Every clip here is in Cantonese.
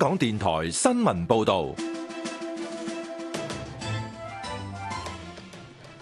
香港電台新聞報道，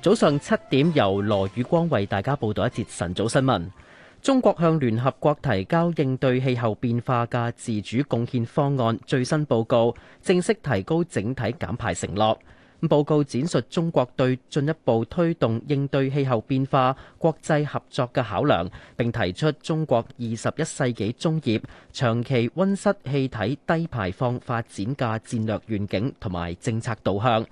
早上七點由羅宇光為大家報道一節晨早新聞。中國向聯合國提交應對氣候變化嘅自主貢獻方案最新報告，正式提高整體減排承諾。報告展述中國對進一步推動應對氣候變化國際合作嘅考量，並提出中國二十一世紀中葉長期溫室氣體低排放發展嘅戰略願景同埋政策導向。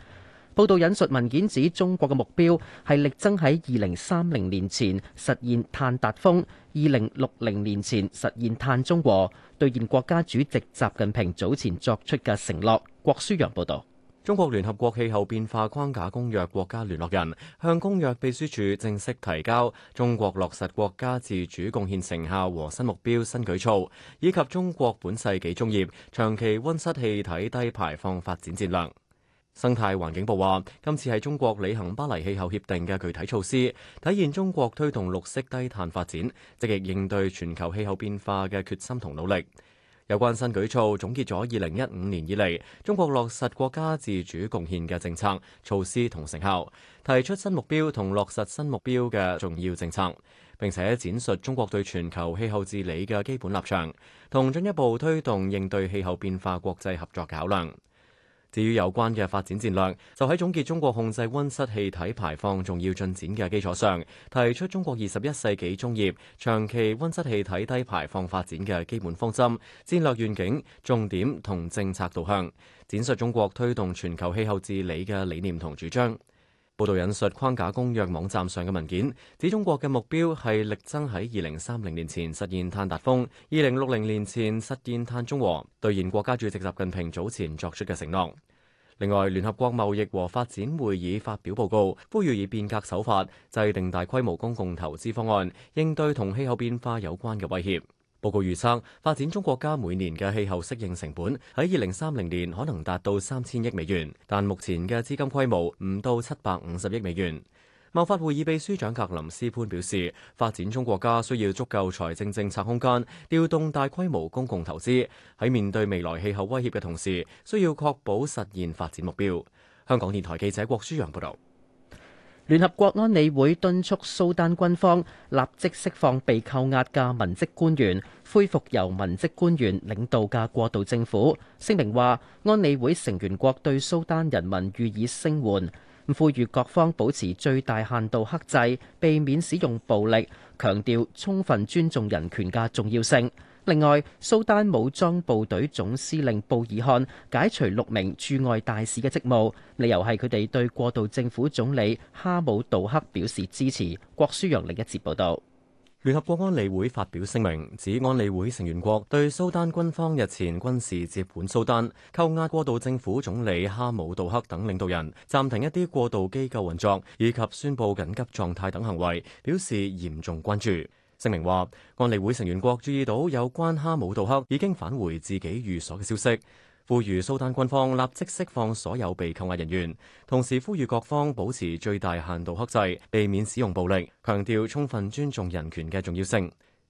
報道引述文件指，中國嘅目標係力爭喺二零三零年前實現碳達峰，二零六零年前實現碳中和，兌現國家主席習近平早前作出嘅承諾。郭舒陽報導。中國聯合國氣候變化框架公約國家聯絡人向公約秘書處正式提交中國落實國家自主貢獻成效和新目標新舉措，以及中國本世紀中葉長期温室氣體低排放發展戰略。生態環境部話：今次係中國履行巴黎氣候協定嘅具體措施，體現中國推動綠色低碳發展、積極應對全球氣候變化嘅決心同努力。有關新舉措，總結咗二零一五年以嚟中國落實國家自主貢獻嘅政策、措施同成效，提出新目標同落實新目標嘅重要政策，並且展述中國對全球氣候治理嘅基本立場，同進一步推動應對氣候變化國際合作嘅考量。至於有關嘅發展戰略，就喺總結中國控制温室氣體排放重要進展嘅基礎上，提出中國二十一世紀中葉長期温室氣體低排放發展嘅基本方針、戰略願景、重點同政策導向，展述中國推動全球氣候治理嘅理念同主張。報導引述框架公約網站上嘅文件，指中國嘅目標係力爭喺二零三零年前實現碳達峰，二零六零年前實現碳中和，兌現國家主席習近平早前作出嘅承諾。另外，聯合國貿易和發展會議發表報告，呼籲以變革手法制定大規模公共投資方案，應對同氣候變化有關嘅威脅。報告預測，發展中國家每年嘅氣候適應成本喺二零三零年可能達到三千億美元，但目前嘅資金規模唔到七百五十億美元。貿發會議秘書長格林斯潘表示，發展中國家需要足夠財政政策空間，調動大規模公共投資，喺面對未來氣候威脅嘅同時，需要確保實現發展目標。香港電台記者郭舒陽報道。聯合國安理會敦促蘇丹軍方立即釋放被扣押嘅文職官員，恢復由文職官員領導嘅過渡政府。聲明話，安理會成員國對蘇丹人民予以聲援，呼籲各方保持最大限度克制，避免使用暴力，強調充分尊重人權嘅重要性。另外，蘇丹武裝部隊總司令布爾汗解除六名駐外大使嘅職務，理由係佢哋對過渡政府總理哈姆杜克表示支持。郭書陽另一節報導，聯合國安理會發表聲明，指安理會成員國對蘇丹軍方日前軍事接管蘇丹、扣押過渡政府總理哈姆杜克等領導人、暫停一啲過渡機構運作以及宣布緊急狀態等行為表示嚴重關注。聲明話，安理會成員國注意到有關哈姆杜克已經返回自己寓所嘅消息，呼籲蘇丹軍方立即釋放所有被扣押人員，同時呼籲各方保持最大限度克制，避免使用暴力，強調充分尊重人權嘅重要性。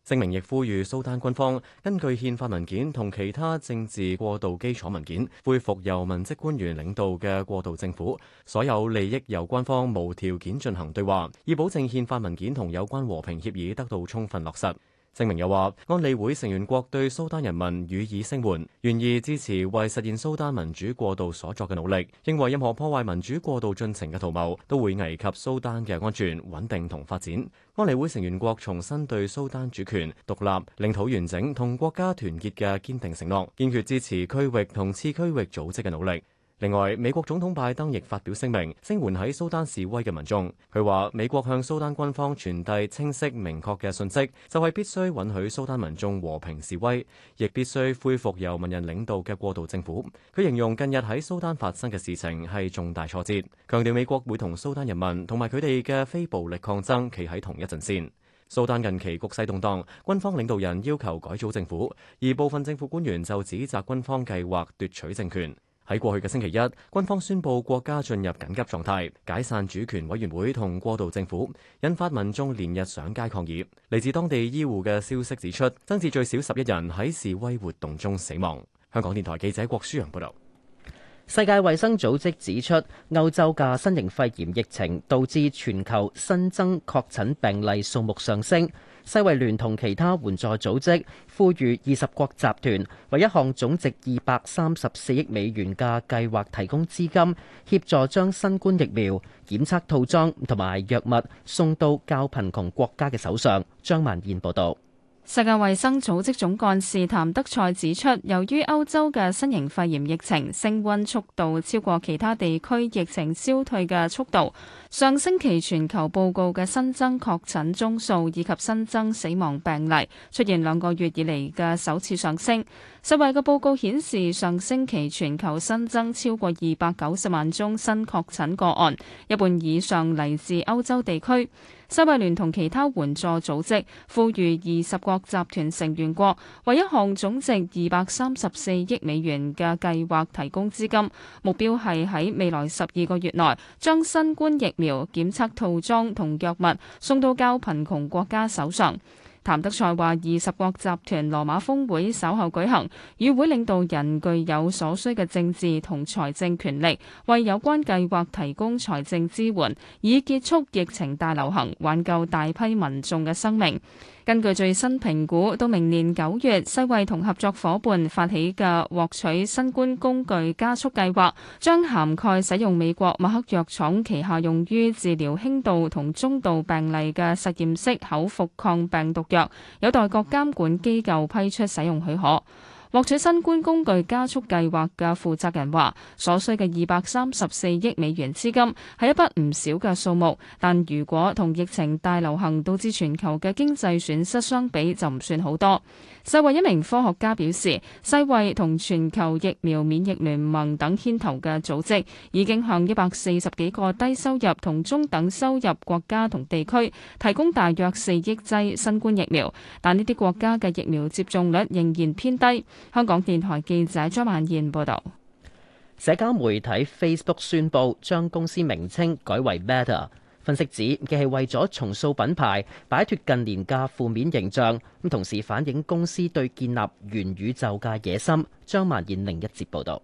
聲明亦呼籲蘇丹軍方根據憲法文件同其他政治過渡基礎文件，恢復由民職官員領導嘅過渡政府，所有利益由軍方無條件進行對話，以保證憲法文件同有關和平協議得到充分落實。聲明又話，安理會成員國對蘇丹人民予以聲援，願意支持為實現蘇丹民主過渡所作嘅努力，認為任何破壞民主過渡進程嘅圖謀都會危及蘇丹嘅安全、穩定同發展。安理會成員國重申對蘇丹主權、獨立、領土完整同國家團結嘅堅定承諾，堅決支持區域同次區域組織嘅努力。另外，美國總統拜登亦發表聲明，聲援喺蘇丹示威嘅民眾。佢話：美國向蘇丹軍方傳遞清晰明確嘅訊息，就係必須允許蘇丹民眾和平示威，亦必須恢復由文人領導嘅過渡政府。佢形容近日喺蘇丹發生嘅事情係重大挫折，強調美國會同蘇丹人民同埋佢哋嘅非暴力抗爭企喺同一陣線。蘇丹近期局勢動盪，軍方領導人要求改組政府，而部分政府官員就指責軍方計劃奪取政權。喺過去嘅星期一，軍方宣布國家進入緊急狀態，解散主權委員會同過渡政府，引發民眾連日上街抗議。嚟自當地醫護嘅消息指出，增至最少十一人喺示威活動中死亡。香港電台記者郭舒揚報道。世界衛生組織指出，歐洲嘅新型肺炎疫情導致全球新增確診病例數目上升。世衛聯同其他援助組織呼籲二十國集團為一項總值二百三十四億美元嘅計劃提供資金，協助將新冠疫苗檢測套裝同埋藥物送到較貧窮國家嘅手上。張曼燕報道。世界衛生組織總幹事譚德塞指出，由於歐洲嘅新型肺炎疫情升溫速度超過其他地區疫情消退嘅速度，上星期全球報告嘅新增確診宗數以及新增死亡病例出現兩個月以嚟嘅首次上升。世衛嘅報告顯示，上星期全球新增超過二百九十萬宗新確診個案，一半以上嚟自歐洲地區。世衛聯同其他援助組織呼籲二十國集團成員國為一項總值二百三十四億美元嘅計劃提供資金，目標係喺未來十二個月內將新冠疫苗檢測套裝同藥物送到較貧窮國家手上。譚德塞話：二十國集團羅馬峰會稍後舉行，與會領導人具有所需嘅政治同財政權力，為有關計劃提供財政支援，以結束疫情大流行，挽救大批民眾嘅生命。根據最新評估，到明年九月，世衛同合作伙伴發起嘅獲取新冠工具加速計劃，將涵蓋使用美國默克藥廠旗下用於治療輕度同中度病例嘅實驗式口服抗病毒藥，有待各監管機構批出使用許可。獲取新冠工具加速計劃嘅負責人話：所需嘅二百三十四億美元資金係一筆唔少嘅數目，但如果同疫情大流行導致全球嘅經濟損失相比，就唔算好多。世衛一名科學家表示，世衛同全球疫苗免疫聯盟等牽頭嘅組織已經向一百四十幾個低收入同中等收入國家同地區提供大約四億劑新冠疫苗，但呢啲國家嘅疫苗接種率仍然偏低。香港電台記者張萬燕報道，社交媒體 Facebook 宣布將公司名稱改為 Meta，分析指既係為咗重塑品牌，擺脫近年嘅負面形象，咁同時反映公司對建立元宇宙嘅野心。張萬燕另一節報道。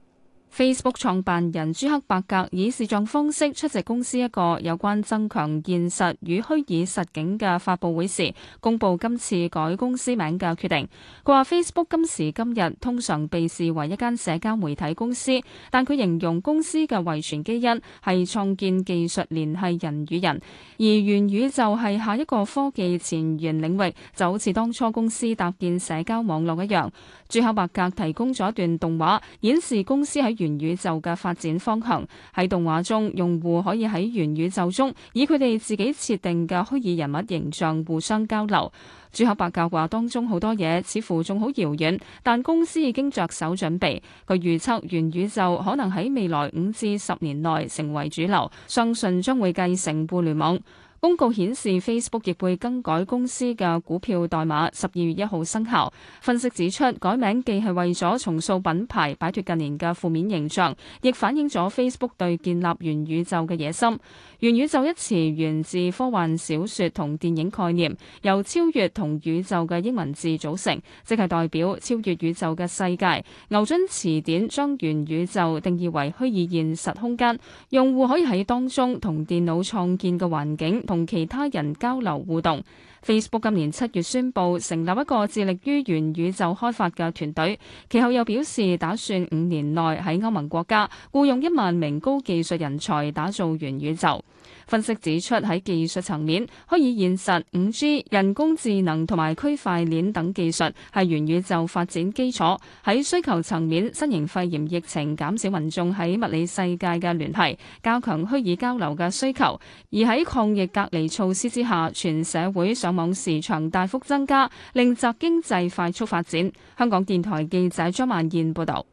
Facebook 創辦人朱克伯格以視像方式出席公司一個有關增強現實與虛擬實境嘅發布會時，公布今次改公司名嘅決定。佢話：Facebook 今時今日通常被視為一間社交媒體公司，但佢形容公司嘅遺傳基因係創建技術聯繫人與人，而元宇宙係下一個科技前沿領域，就好似當初公司搭建社交網絡一樣。朱克伯格提供咗一段動畫，顯示公司喺元宇宙嘅發展方向。喺動畫中，用戶可以喺元宇宙中以佢哋自己設定嘅虛擬人物形象互相交流。朱克伯格話當中好多嘢似乎仲好遙遠，但公司已經着手準備。佢預測元宇宙可能喺未來五至十年內成為主流，相信將會繼承互聯網。公告顯示，Facebook 亦會更改公司嘅股票代碼，十二月一號生效。分析指出，改名既係為咗重塑品牌、擺脫近年嘅負面形象，亦反映咗 Facebook 對建立元宇宙嘅野心。元宇宙一詞源自科幻小說同電影概念，由超越同宇宙嘅英文字組成，即係代表超越宇宙嘅世界。牛津詞典將元宇宙定義為虛擬現實空間，用戶可以喺當中同電腦創建嘅環境。同其他人交流互動。Facebook 今年七月宣布成立一個致力於元宇宙開發嘅團隊，其後又表示打算五年內喺歐盟國家雇傭一萬名高技術人才，打造元宇宙。分析指出，喺技術層面，虛擬現實、五 G、人工智能同埋區塊鏈等技術係元宇宙發展基礎，喺需求層面，新型肺炎疫情減少民眾喺物理世界嘅聯繫，加強虛擬交流嘅需求；而喺抗疫隔離措施之下，全社會上網時長大幅增加，令宅經濟快速發展。香港電台記者張萬燕報道。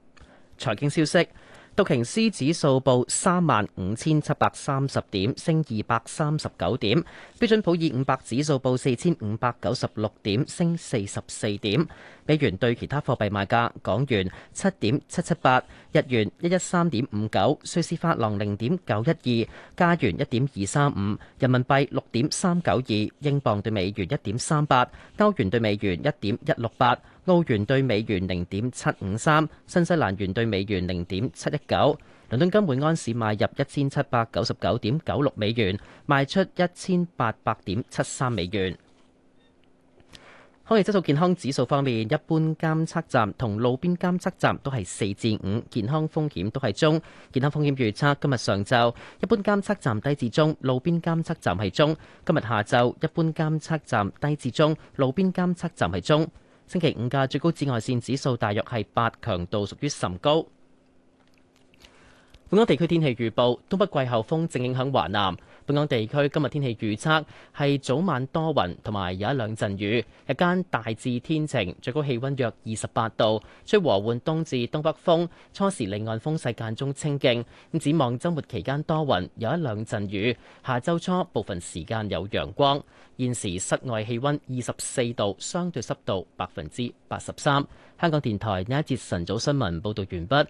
財經消息。道瓊斯指數報三萬五千七百三十點，升二百三十九點。標準普爾五百指數報四千五百九十六點，升四十四點。美元對其他貨幣賣價：港元七點七七八，日元一一三點五九，瑞士法郎零點九一二，加元一點二三五，人民幣六點三九二，英鎊對美元一點三八，歐元對美元一點一六八。澳元兌美元零點七五三，新西蘭元兌美元零點七一九。倫敦金每安士買入一千七百九十九點九六美元，賣出一千八百點七三美元。空氣質素健康指數方面，一般監測站同路邊監測站都係四至五，健康風險都係中。健康風險預測今日上晝一般監測站低至中，路邊監測站係中。今日下晝一般監測站低至中，路邊監測站係中。星期五嘅最高紫外線指數大約係八，強度屬於甚高。本港地區天氣預報：東北季候風正影響華南。本港地區今日天氣預測係早晚多雲同埋有一兩陣雨，日間大致天晴，最高氣溫約二十八度，吹和緩東至東北風，初時離岸風勢間中清勁，咁展望周末期間多雲有一兩陣雨，下周初部分時間有陽光。現時室外氣溫二十四度，相對濕度百分之八十三。香港電台呢一節晨早新聞報道完畢。